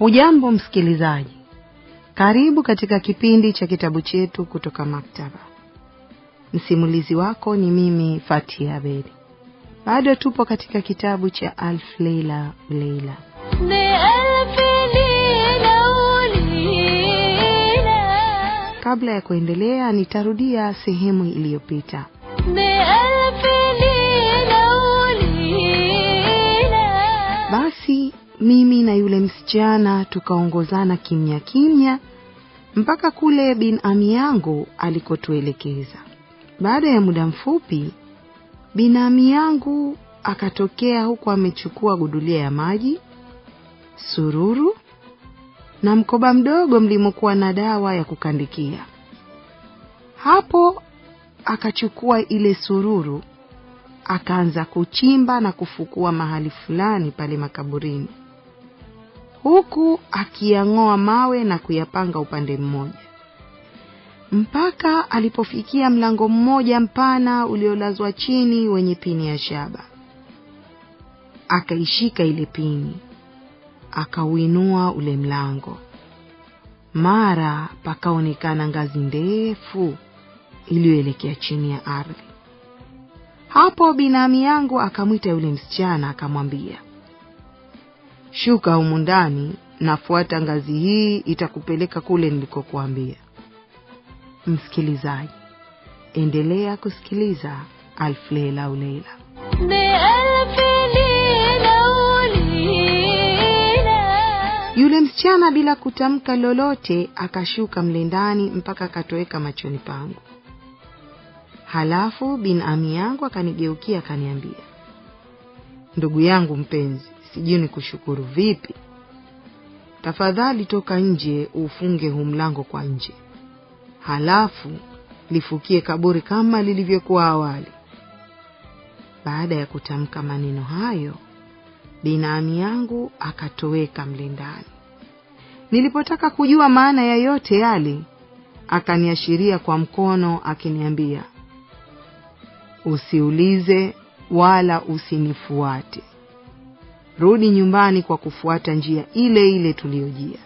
Hujambo msikilizaji, karibu katika kipindi cha kitabu chetu kutoka maktaba. Msimulizi wako ni mimi Fatia Abedi. Bado tupo katika kitabu cha alf leila leila Kabla ya kuendelea, nitarudia sehemu iliyopita. Basi mimi na yule msichana tukaongozana kimya kimya mpaka kule bin ami yangu alikotuelekeza. Baada ya muda mfupi, ami yangu akatokea huku amechukua gudulia ya maji, sururu na mkoba mdogo mlimokuwa na dawa ya kukandikia. Hapo akachukua ile sururu, akaanza kuchimba na kufukua mahali fulani pale makaburini huku akiyang'oa mawe na kuyapanga upande mmoja mpaka alipofikia mlango mmoja mpana uliolazwa chini wenye pini ya shaba. Akaishika ile pini, akauinua ule mlango. Mara pakaonekana ngazi ndefu iliyoelekea chini ya ardhi. Hapo binami yangu akamwita yule msichana, akamwambia shuka humu ndani nafuata ngazi hii itakupeleka kule nilikokuambia. Msikilizaji, endelea kusikiliza Alfu Lela u Yule msichana bila kutamka lolote akashuka mle ndani mpaka akatoweka machoni pangu. Halafu bin ami yangu akanigeukia akaniambia, ndugu yangu mpenzi sijui ni kushukuru vipi. Tafadhali toka nje ufunge humlango mlango kwa nje, halafu lifukie kaburi kama lilivyokuwa awali. Baada ya kutamka maneno hayo, binami yangu akatoweka mlindani Nilipotaka kujua maana ya yote yale, akaniashiria kwa mkono akiniambia, usiulize wala usinifuate rudi nyumbani kwa kufuata njia ile ile tuliyojia.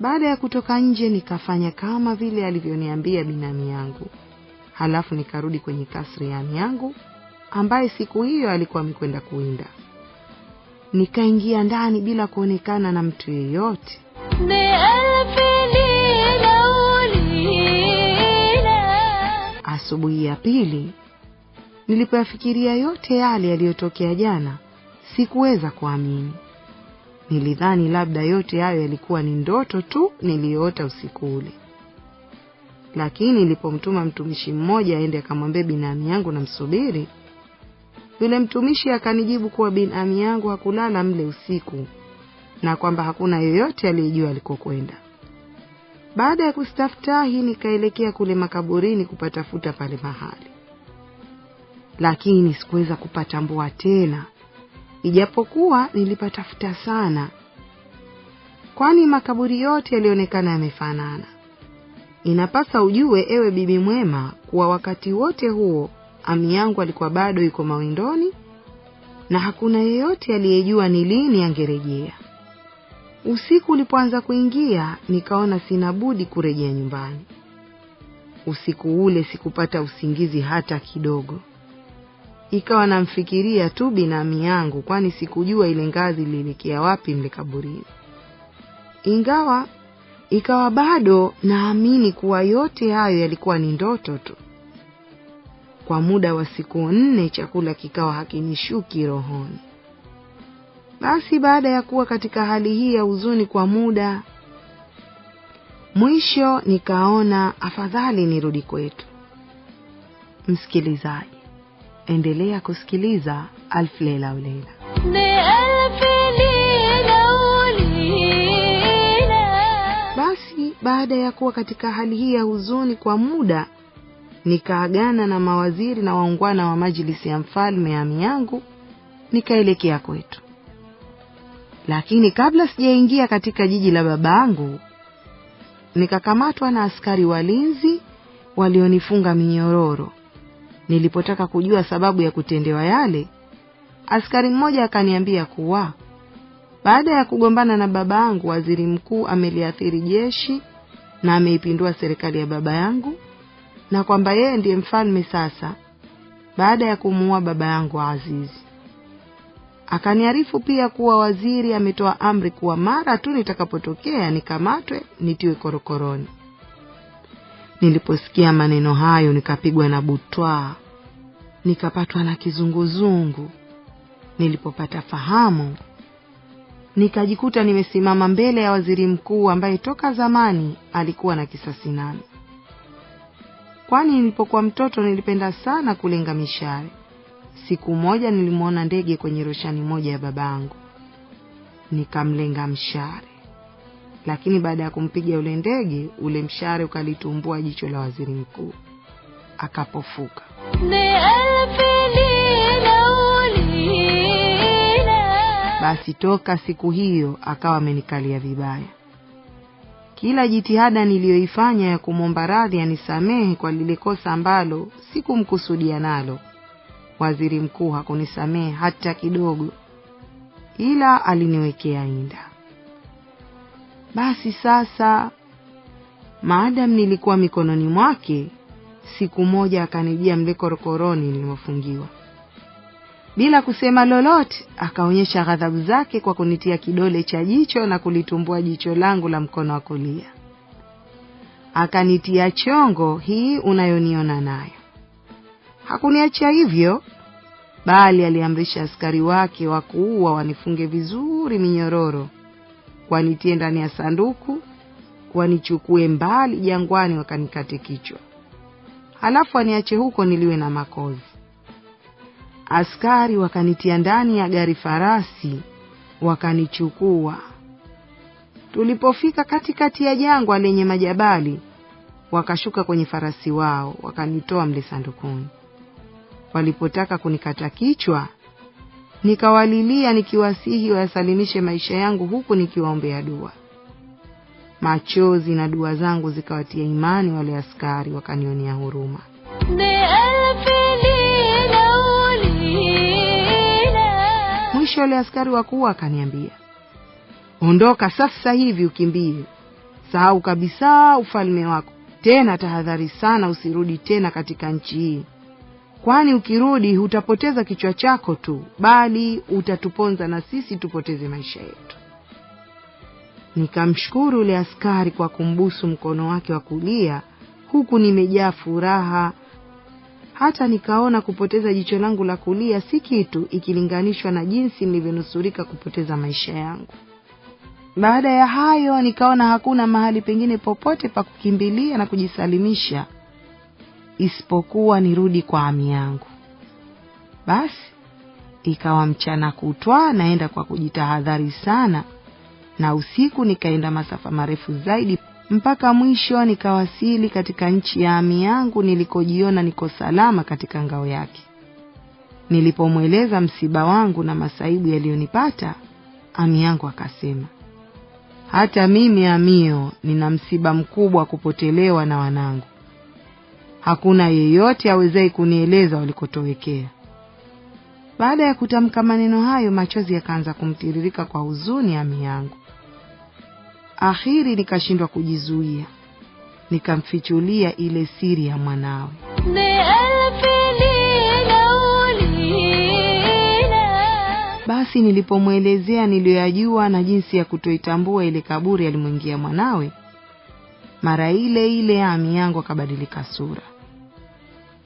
Baada ya kutoka nje, nikafanya kama vile alivyoniambia binamu yangu, halafu nikarudi kwenye kasri ya ami yangu ambaye siku hiyo alikuwa amekwenda kuwinda. Nikaingia ndani bila kuonekana na mtu yeyote. Asubuhi ya pili nilipoyafikiria yote yale yaliyotokea jana, Sikuweza kuamini. Nilidhani labda yote hayo yalikuwa ni ndoto tu niliyoota usiku ule. Lakini nilipomtuma mtumishi mmoja aende akamwambia binamu yangu namsubiri, yule mtumishi akanijibu kuwa binamu yangu hakulala mle usiku na kwamba hakuna yoyote aliyejua alikokwenda. Baada ya kustaftahi, nikaelekea kule makaburini kupatafuta pale mahali, lakini sikuweza kupatambua tena ijapokuwa nilipatafuta sana, kwani makaburi yote yalionekana yamefanana. Inapasa ujue, ewe bibi mwema, kuwa wakati wote huo ami yangu alikuwa bado yuko mawindoni na hakuna yeyote aliyejua ni lini angerejea. Usiku ulipoanza kuingia, nikaona sina budi kurejea nyumbani. Usiku ule sikupata usingizi hata kidogo ikawa namfikiria tu binami yangu, kwani sikujua ile ngazi ilielekea wapi mle kaburini, ingawa ikawa bado naamini kuwa yote hayo yalikuwa ni ndoto tu. Kwa muda wa siku nne chakula kikawa hakinishuki rohoni. Basi baada ya kuwa katika hali hii ya huzuni kwa muda, mwisho nikaona afadhali nirudi kwetu. Msikilizaji, Endelea kusikiliza Alfu Lela u Lela. Basi baada ya kuwa katika hali hii ya huzuni kwa muda, nikaagana na mawaziri na waungwana wa majilisi ya mfalme ya miangu, nikaelekea kwetu. Lakini kabla sijaingia katika jiji la babangu, nikakamatwa na askari walinzi walionifunga minyororo. Nilipotaka kujua sababu ya kutendewa yale, askari mmoja akaniambia kuwa baada ya kugombana na baba yangu, waziri mkuu ameliathiri jeshi na ameipindua serikali ya baba yangu, na kwamba yeye ndiye mfalme sasa baada ya kumuua baba yangu Azizi. Akaniarifu pia kuwa waziri ametoa amri kuwa mara tu nitakapotokea nikamatwe nitiwe korokoroni. Niliposikia maneno hayo nikapigwa na butwaa, nikapatwa na kizunguzungu. Nilipopata fahamu, nikajikuta nimesimama mbele ya waziri mkuu ambaye toka zamani alikuwa na kisasi nami, kwani nilipokuwa mtoto nilipenda sana kulenga mishale. Siku moja nilimwona ndege kwenye roshani moja ya babangu, nikamlenga mshale lakini baada ya kumpiga yule ndege, ule mshare ukalitumbua jicho la waziri mkuu akapofuka. Basi toka siku hiyo akawa amenikalia vibaya. Kila jitihada niliyoifanya ya kumwomba radhi anisamehe kwa lile kosa ambalo sikumkusudia nalo, waziri mkuu hakunisamehe hata kidogo, ila aliniwekea inda. Basi sasa, maadamu nilikuwa mikononi mwake, siku moja akanijia mle korokoroni nilimofungiwa. Bila kusema lolote, akaonyesha ghadhabu zake kwa kunitia kidole cha jicho na kulitumbua jicho langu la mkono wa kulia, akanitia chongo hii unayoniona nayo. Hakuniachia hivyo, bali aliamrisha askari wake wa kuua wanifunge vizuri minyororo wanitie ndani ya sanduku, wanichukue mbali jangwani, wakanikate kichwa, halafu waniache huko niliwe na makozi. Askari wakanitia ndani ya gari farasi, wakanichukua. Tulipofika katikati ya jangwa lenye majabali, wakashuka kwenye farasi wao, wakanitoa mle sandukuni. Walipotaka kunikata kichwa, nikawalilia nikiwasihi wayasalimishe maisha yangu huku nikiwaombea dua. Machozi na dua zangu zikawatia imani wale askari, wakanionea huruma. Mwisho wale askari wakuu wakaniambia, ondoka sasa hivi, ukimbie, sahau kabisa ufalme wako, tena tahadhari sana, usirudi tena katika nchi hii kwani ukirudi hutapoteza kichwa chako tu, bali utatuponza na sisi tupoteze maisha yetu. Nikamshukuru yule askari kwa kumbusu mkono wake wa kulia, huku nimejaa furaha, hata nikaona kupoteza jicho langu la kulia si kitu ikilinganishwa na jinsi nilivyonusurika kupoteza maisha yangu. Baada ya hayo, nikaona hakuna mahali pengine popote pa kukimbilia na kujisalimisha isipokuwa nirudi kwa ami yangu. Basi ikawa mchana kutwa naenda kwa kujitahadhari sana, na usiku nikaenda masafa marefu zaidi mpaka mwisho nikawasili katika nchi ya ami yangu nilikojiona niko salama katika ngao yake. Nilipomweleza msiba wangu na masaibu yaliyonipata, ami yangu akasema, hata mimi amio nina msiba mkubwa wa kupotelewa na wanangu hakuna yeyote awezaye kunieleza walikotowekea. Baada ya kutamka maneno hayo, machozi yakaanza kumtiririka kwa huzuni ami yangu. Akhiri nikashindwa kujizuia, nikamfichulia ile siri ya mwanawe. Basi nilipomwelezea niliyoyajua na jinsi ya kutoitambua ile kaburi alimwingia mwanawe, mara ile ile ami yangu akabadilika sura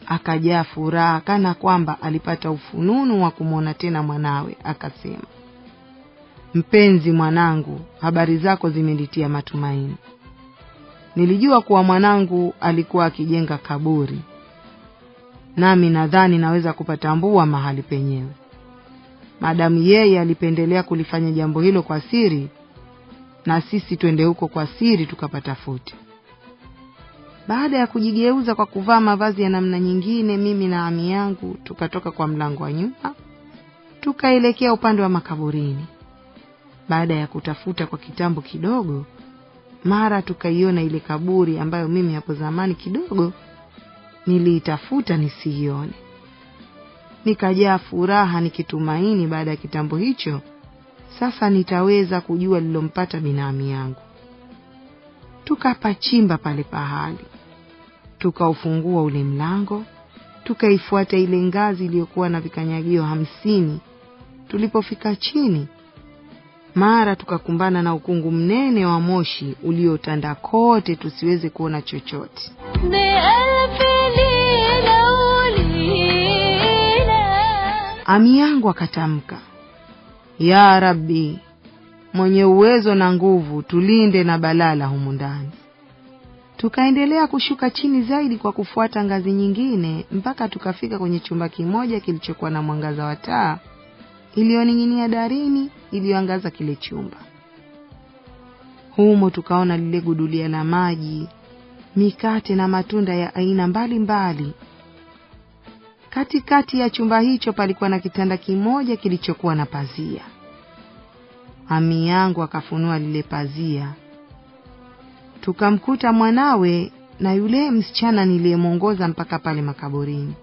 akajaa furaha kana kwamba alipata ufununu wa kumwona tena mwanawe, akasema, mpenzi mwanangu, habari zako zimenitia matumaini. Nilijua kuwa mwanangu alikuwa akijenga kaburi, nami nadhani naweza kupatambua mahali penyewe. Madamu yeye alipendelea kulifanya jambo hilo kwa siri, na sisi twende huko kwa siri tukapata futi. Baada ya kujigeuza kwa kuvaa mavazi ya namna nyingine, mimi na ami yangu tukatoka kwa mlango wa nyuma tukaelekea upande wa makaburini. Baada ya kutafuta kwa kitambo kidogo, mara tukaiona ile kaburi ambayo mimi hapo zamani kidogo niliitafuta nisiione. Nikajaa furaha nikitumaini baada ya kitambo hicho sasa nitaweza kujua lilompata binamu yangu. Tukapachimba pale pahali tukaufungua ule mlango, tukaifuata ile ngazi iliyokuwa na vikanyagio hamsini. Tulipofika chini, mara tukakumbana na ukungu mnene wa moshi uliotanda kote, tusiweze kuona chochote. Ami yangu akatamka, ya Rabbi mwenye uwezo na nguvu, tulinde na balala humu ndani. Tukaendelea kushuka chini zaidi kwa kufuata ngazi nyingine mpaka tukafika kwenye chumba kimoja kilichokuwa na mwangaza wa taa iliyoning'inia darini iliyoangaza kile chumba. Humo tukaona lile gudulia la maji, mikate na matunda ya aina mbalimbali mbali. Katikati ya chumba hicho palikuwa na kitanda kimoja kilichokuwa na pazia. Ami yangu akafunua lile pazia tukamkuta mwanawe na yule msichana niliyemwongoza mpaka pale makaburini,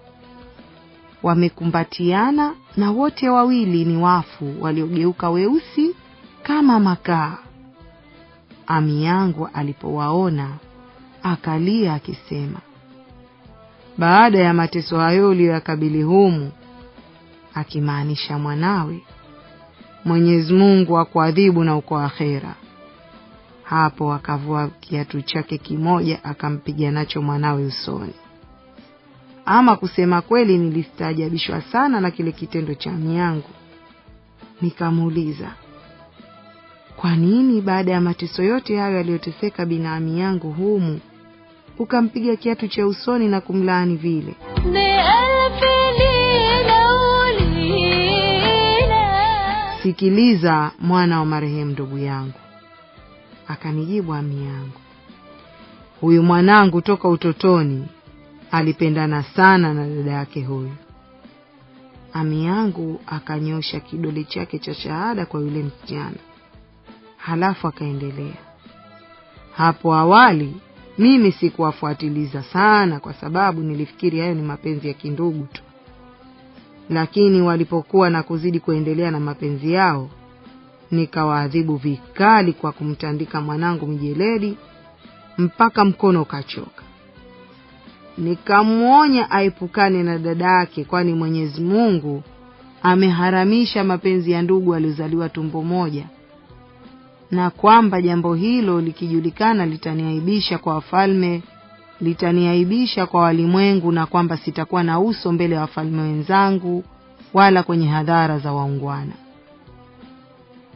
wamekumbatiana na wote wawili ni wafu waliogeuka weusi kama makaa. Ami yangu alipowaona akalia akisema, baada ya mateso hayo uliyoyakabili humu, akimaanisha mwanawe, Mwenyezi Mungu akuadhibu na uko akhera. Hapo akavua kiatu chake kimoja akampiga nacho mwanawe usoni. Ama kusema kweli, nilistaajabishwa sana na kile kitendo cha miangu. Nikamuuliza, kwa nini baada ya mateso yote hayo aliyoteseka binamu yangu humu ukampiga kiatu cha usoni na kumlaani vile? Sikiliza mwana wa marehemu, ndugu yangu, Akanijibu, ami yangu, huyu mwanangu toka utotoni alipendana sana na dada yake huyu. Ami yangu akanyosha kidole chake cha shahada kwa yule msichana, halafu akaendelea, hapo awali mimi sikuwafuatiliza sana, kwa sababu nilifikiri hayo ni mapenzi ya kindugu tu, lakini walipokuwa na kuzidi kuendelea na mapenzi yao nikawaadhibu vikali kwa kumtandika mwanangu mjeledi mpaka mkono ukachoka. Nikamwonya aepukane na dada yake, kwani Mwenyezi Mungu ameharamisha mapenzi ya ndugu aliozaliwa tumbo moja, na kwamba jambo hilo likijulikana litaniaibisha kwa wafalme, litaniaibisha kwa walimwengu, na kwamba sitakuwa na uso mbele ya wafalme wenzangu wala kwenye hadhara za waungwana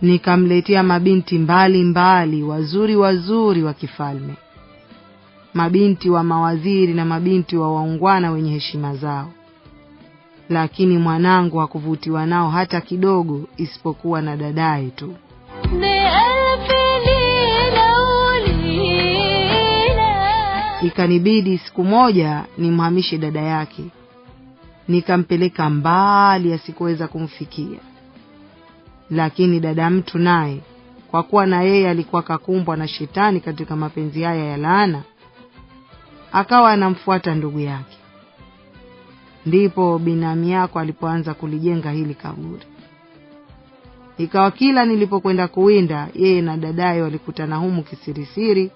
nikamletea mabinti mbali mbali wazuri wazuri wa kifalme, mabinti wa mawaziri na mabinti wa waungwana wenye heshima zao. Lakini mwanangu hakuvutiwa nao hata kidogo, isipokuwa na dadaye tu. Ikanibidi siku moja nimhamishe dada yake, nikampeleka mbali asikuweza kumfikia. Lakini dada mtu naye kwa kuwa na yeye alikuwa kakumbwa na shetani katika mapenzi haya ya laana, akawa anamfuata ndugu yake. Ndipo binamu yako alipoanza kulijenga hili kaburi. Ikawa kila nilipokwenda kuwinda, yeye na dadaye walikutana humu kisirisiri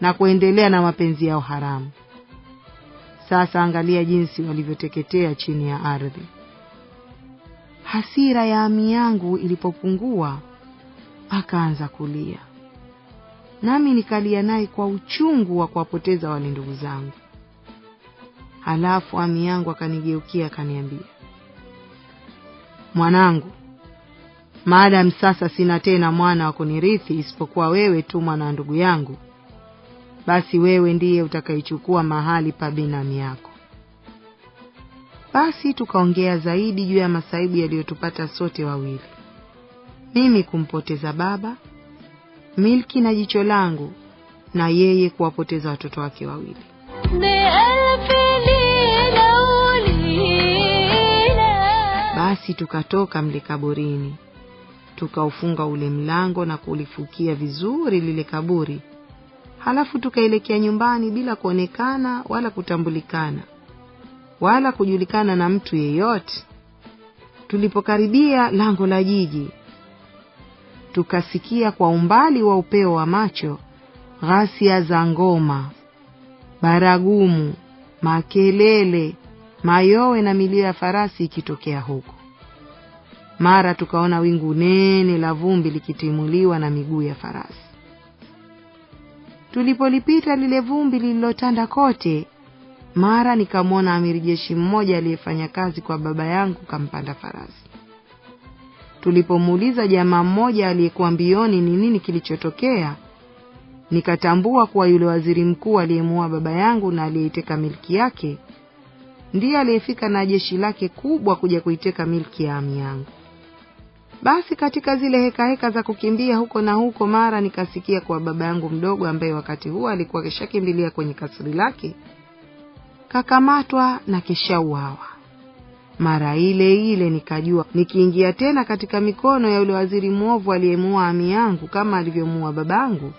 na kuendelea na mapenzi yao haramu. Sasa angalia jinsi walivyoteketea chini ya ardhi. Hasira ya ami yangu ilipopungua, akaanza kulia, nami nikalia naye kwa uchungu wa kuwapoteza wale ndugu zangu. Halafu ami yangu akanigeukia akaniambia, mwanangu, maadamu sasa sina tena mwana wa kunirithi isipokuwa wewe tu, mwana wa ndugu yangu, basi wewe ndiye utakayechukua mahali pa binamu yako. Basi tukaongea zaidi juu ya masaibu yaliyotupata sote wawili, mimi kumpoteza baba Milki na jicho langu, na yeye kuwapoteza watoto wake wawili. Basi tukatoka mle kaburini, tukaufunga ule mlango na kulifukia vizuri lile kaburi, halafu tukaelekea nyumbani bila kuonekana wala kutambulikana wala kujulikana na mtu yeyote. Tulipokaribia lango la jiji, tukasikia kwa umbali wa upeo wa macho ghasia za ngoma, baragumu, makelele, mayowe na milio ya farasi ikitokea huko. Mara tukaona wingu nene la vumbi likitimuliwa na miguu ya farasi. Tulipolipita lile vumbi lililotanda kote, mara nikamwona amiri jeshi mmoja aliyefanya kazi kwa baba yangu kampanda farasi. Tulipomuuliza jamaa mmoja aliyekuwa mbioni ni nini kilichotokea, nikatambua kuwa yule waziri mkuu aliyemuua baba yangu na aliyeiteka milki yake ndiye aliyefika na jeshi lake kubwa kuja kuiteka milki ya ami yangu. Basi katika zile hekaheka heka za kukimbia huko na huko, mara nikasikia kuwa baba yangu mdogo ambaye wakati huo alikuwa kishakimbilia kwenye kasri lake kakamatwa na kisha uawa. Mara ile ile nikajua nikiingia tena katika mikono ya yule waziri mwovu aliyemuua ami yangu kama alivyomuua babangu,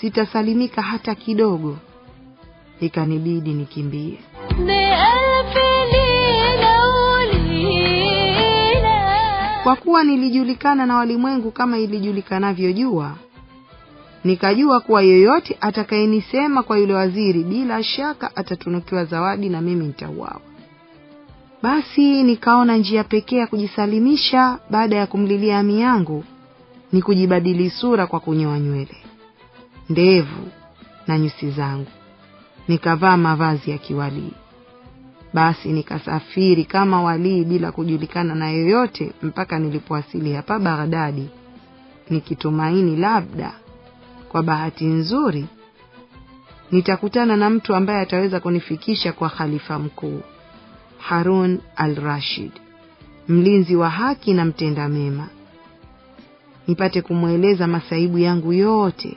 sitasalimika hata kidogo. Ikanibidi nikimbie. Kwa kuwa nilijulikana na walimwengu kama ilijulikanavyo jua, Nikajua kuwa yeyote atakayenisema kwa yule waziri, bila shaka atatunukiwa zawadi na mimi nitauawa. Basi nikaona njia pekee ya kujisalimisha baada ya kumlilia ami yangu ni kujibadili sura kwa kunyoa nywele, ndevu na nyusi zangu, nikavaa mavazi ya kiwalii. Basi nikasafiri kama walii bila kujulikana na yoyote mpaka nilipowasili hapa Baghdadi, nikitumaini labda kwa bahati nzuri, nitakutana na mtu ambaye ataweza kunifikisha kwa khalifa mkuu Harun al-Rashid, mlinzi wa haki na mtenda mema, nipate kumweleza masaibu yangu yote.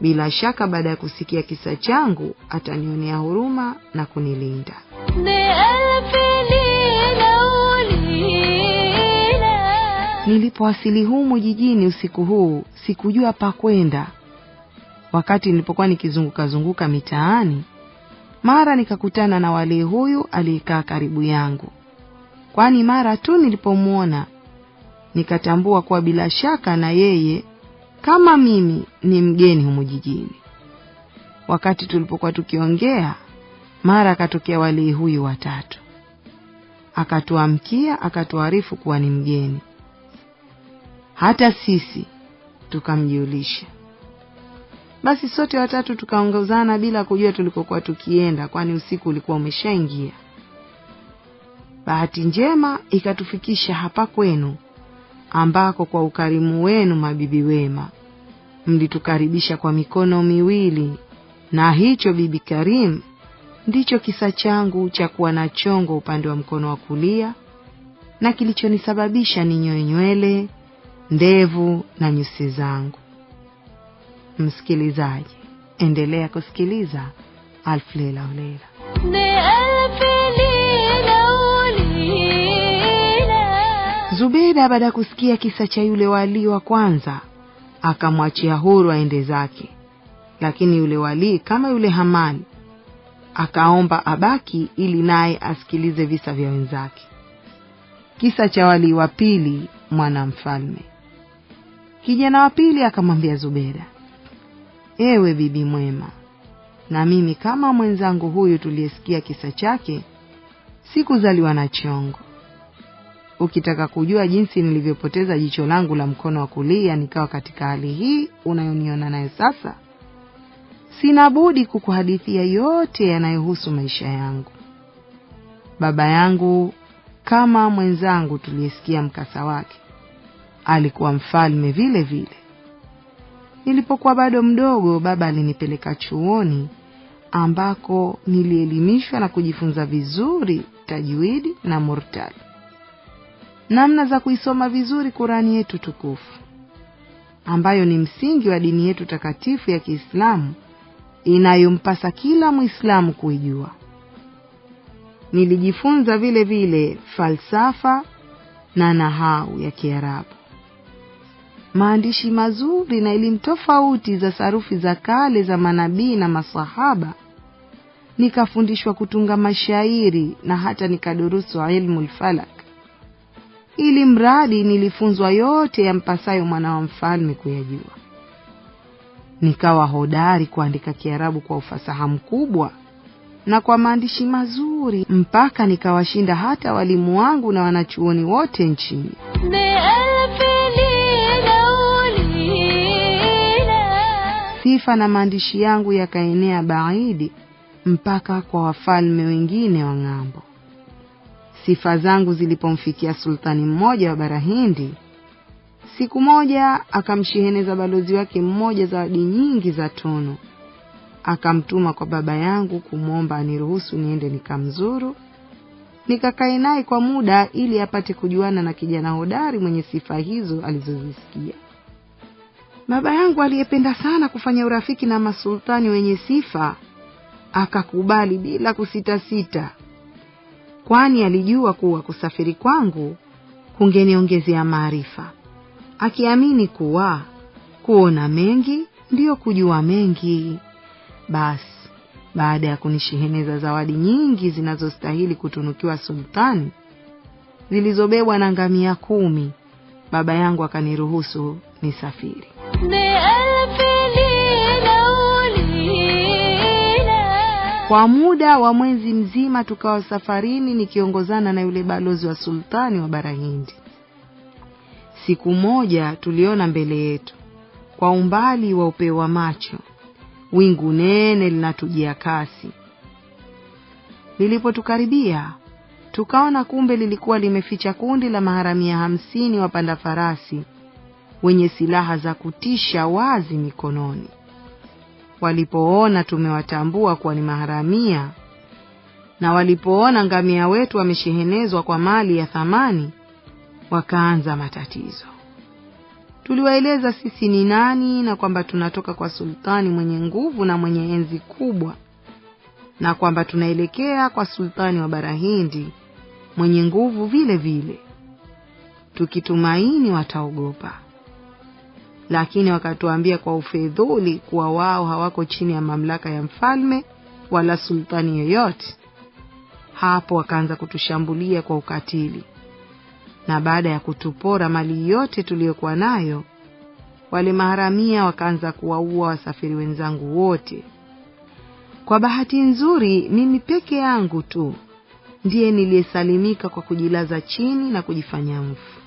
Bila shaka baada ya kusikia kisa changu atanionea huruma na kunilinda. Nilipowasili humu jijini usiku huu sikujua pa kwenda. Wakati nilipokuwa nikizungukazunguka mitaani, mara nikakutana na wale huyu aliyekaa karibu yangu, kwani mara tu nilipomwona nikatambua kuwa bila shaka na yeye kama mimi ni mgeni humu jijini. Wakati tulipokuwa tukiongea, mara akatokea walii huyu watatu, akatuamkia akatuarifu kuwa ni mgeni hata sisi tukamjulisha. Basi sote watatu tukaongozana bila kujua tulikokuwa tukienda, kwani usiku ulikuwa umeshaingia. Bahati njema ikatufikisha hapa kwenu, ambako kwa ukarimu wenu, mabibi wema, mlitukaribisha kwa mikono miwili, na hicho bibi Karim ndicho kisa changu cha kuwa na chongo upande wa mkono wa kulia na kilichonisababisha ninywe nywele ndevu na nyusi zangu. Msikilizaji, endelea kusikiliza Alfu Lela u Lela. Zubeda baada ya kusikia kisa cha yule walii wa kwanza akamwachia huru aende zake, lakini yule walii kama yule Hamani akaomba abaki ili naye asikilize visa vya wenzake. Kisa cha walii wa pili mwana mfalme. Kijana wa pili akamwambia Zubeda, ewe bibi mwema, na mimi kama mwenzangu huyu tuliyesikia kisa chake, sikuzaliwa na chongo. Ukitaka kujua jinsi nilivyopoteza jicho langu la mkono wa kulia nikawa katika hali hii unayoniona nayo sasa, sina budi kukuhadithia yote yanayohusu maisha yangu. Baba yangu kama mwenzangu tuliyesikia mkasa wake alikuwa mfalme vile vile. Nilipokuwa bado mdogo, baba alinipeleka chuoni ambako nilielimishwa na kujifunza vizuri tajwidi na murtal namna za kuisoma vizuri Kurani yetu tukufu ambayo ni msingi wa dini yetu takatifu ya Kiislamu inayompasa kila Mwislamu kuijua. Nilijifunza vile vile falsafa na nahau ya Kiarabu maandishi mazuri na elimu tofauti za sarufi za kale za manabii na masahaba. Nikafundishwa kutunga mashairi na hata nikadurusu ilmu lfalak, ili mradi nilifunzwa yote yampasayo mwana wa mfalme kuyajua. Nikawa hodari kuandika Kiarabu kwa ufasaha mkubwa na kwa maandishi mazuri, mpaka nikawashinda hata walimu wangu na wanachuoni wote nchini. sifa na maandishi yangu yakaenea baidi mpaka kwa wafalme wengine wa ng'ambo. Sifa zangu zilipomfikia sultani mmoja wa bara Hindi, siku moja akamsheheneza balozi wake mmoja zawadi nyingi za tunu, akamtuma kwa baba yangu kumwomba aniruhusu niende nikamzuru, nikakae naye kwa muda ili apate kujuana na kijana hodari mwenye sifa hizo alizozisikia. Baba yangu aliyependa sana kufanya urafiki na masultani wenye sifa akakubali bila kusitasita, kwani alijua kuwa kusafiri kwangu kungeniongezea maarifa, akiamini kuwa kuona mengi ndiyo kujua mengi. Basi baada ya kunishiheneza zawadi nyingi zinazostahili kutunukiwa sultani, zilizobebwa na ngamia kumi, baba yangu akaniruhusu nisafiri. Kwa muda wa mwezi mzima tukawa safarini nikiongozana na yule balozi wa sultani wa bara Hindi. Siku moja tuliona mbele yetu kwa umbali wa upeo wa macho wingu nene linatujia kasi. Lilipotukaribia tukaona kumbe lilikuwa limeficha kundi la maharamia hamsini wapanda farasi wenye silaha za kutisha wazi mikononi walipoona tumewatambua kuwa ni maharamia na walipoona ngamia wetu wameshehenezwa kwa mali ya thamani, wakaanza matatizo. Tuliwaeleza sisi ni nani na kwamba tunatoka kwa sultani mwenye nguvu na mwenye enzi kubwa, na kwamba tunaelekea kwa sultani wa bara Hindi mwenye nguvu vile vile, tukitumaini wataogopa lakini wakatuambia kwa ufedhuli kuwa wao hawako chini ya mamlaka ya mfalme wala sultani yoyote. Hapo wakaanza kutushambulia kwa ukatili, na baada ya kutupora mali yote tuliyokuwa nayo, wale maharamia wakaanza kuwaua wasafiri wenzangu wote. Kwa bahati nzuri, mimi peke yangu tu ndiye niliyesalimika kwa kujilaza chini na kujifanya mfu.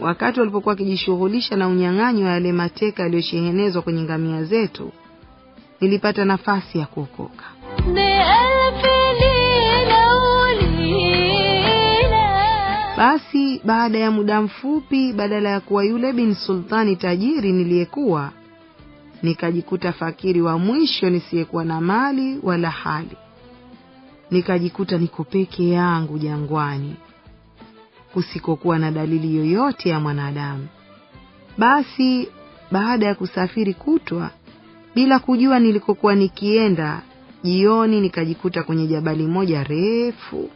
Wakati walipokuwa wakijishughulisha na unyang'anyi wa yale mateka yaliyoshehenezwa kwenye ngamia zetu, nilipata nafasi ya kuokoka. Basi baada ya muda mfupi, badala ya kuwa yule bin sultani tajiri niliyekuwa, nikajikuta fakiri wa mwisho nisiyekuwa na mali wala hali. Nikajikuta niko peke yangu jangwani kusikokuwa na dalili yoyote ya mwanadamu. Basi baada ya kusafiri kutwa bila kujua nilikokuwa nikienda, jioni nikajikuta kwenye jabali moja refu.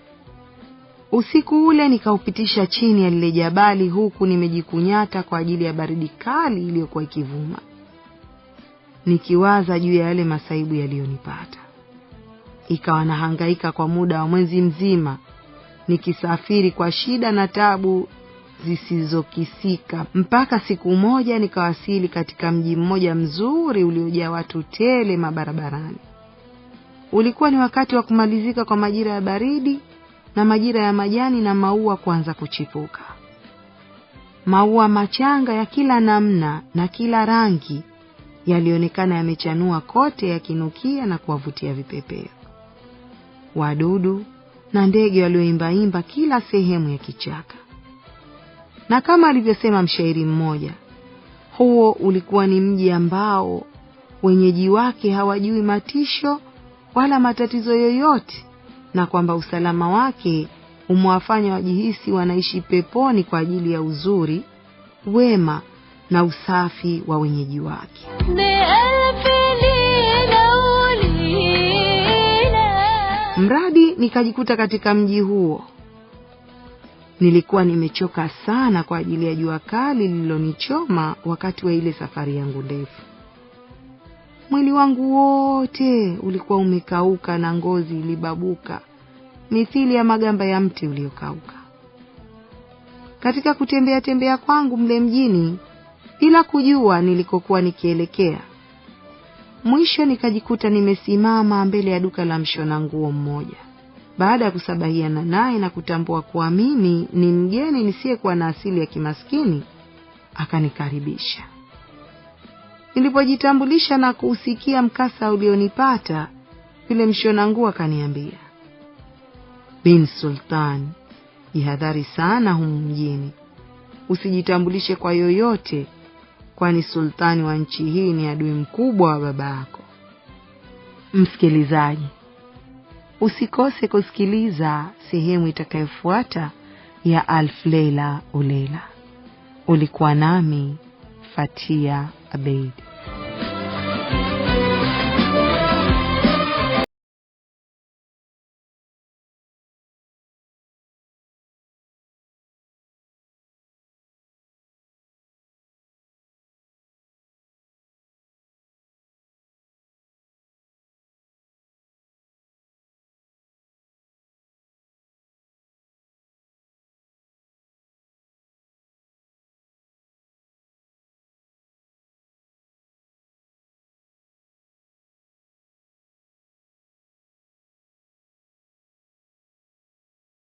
Usiku ule nikaupitisha chini ya lile jabali, huku nimejikunyata kwa ajili ya baridi kali iliyokuwa ikivuma, nikiwaza juu ya yale masaibu yaliyonipata. Ikawa nahangaika kwa muda wa mwezi mzima nikisafiri kwa shida na tabu zisizokisika mpaka siku moja nikawasili katika mji mmoja mzuri uliojaa watu tele mabarabarani. Ulikuwa ni wakati wa kumalizika kwa majira ya baridi na majira ya majani na maua kuanza kuchipuka. Maua machanga ya kila namna na kila rangi yalionekana yamechanua kote, yakinukia na kuwavutia vipepeo, wadudu na ndege walioimbaimba kila sehemu ya kichaka. Na kama alivyosema mshairi mmoja, huo ulikuwa ni mji ambao wenyeji wake hawajui matisho wala matatizo yoyote, na kwamba usalama wake umewafanya wajihisi wanaishi peponi kwa ajili ya uzuri, wema na usafi wa wenyeji wake. mradi nikajikuta katika mji huo. Nilikuwa nimechoka sana kwa ajili ya jua kali lililonichoma wakati wa ile safari yangu ndefu. Mwili wangu wote ulikuwa umekauka na ngozi ilibabuka mithili ya magamba ya mti uliokauka. Katika kutembea tembea kwangu mle mjini, bila kujua nilikokuwa nikielekea, Mwisho nikajikuta nimesimama mbele ya duka la mshona nguo mmoja. Baada ya kusabahiana naye na kutambua kuwa mimi ni mgeni nisiyekuwa na asili ya kimaskini, akanikaribisha. Nilipojitambulisha na kuusikia mkasa ulionipata, yule mshona nguo akaniambia, Bin Sultan, jihadhari sana humu mjini, usijitambulishe kwa yoyote kwani sultani wa nchi hii ni adui mkubwa wa baba yako. Msikilizaji, usikose kusikiliza sehemu itakayofuata ya Alfu leila Ulela. Ulikuwa nami Fatia Abeid.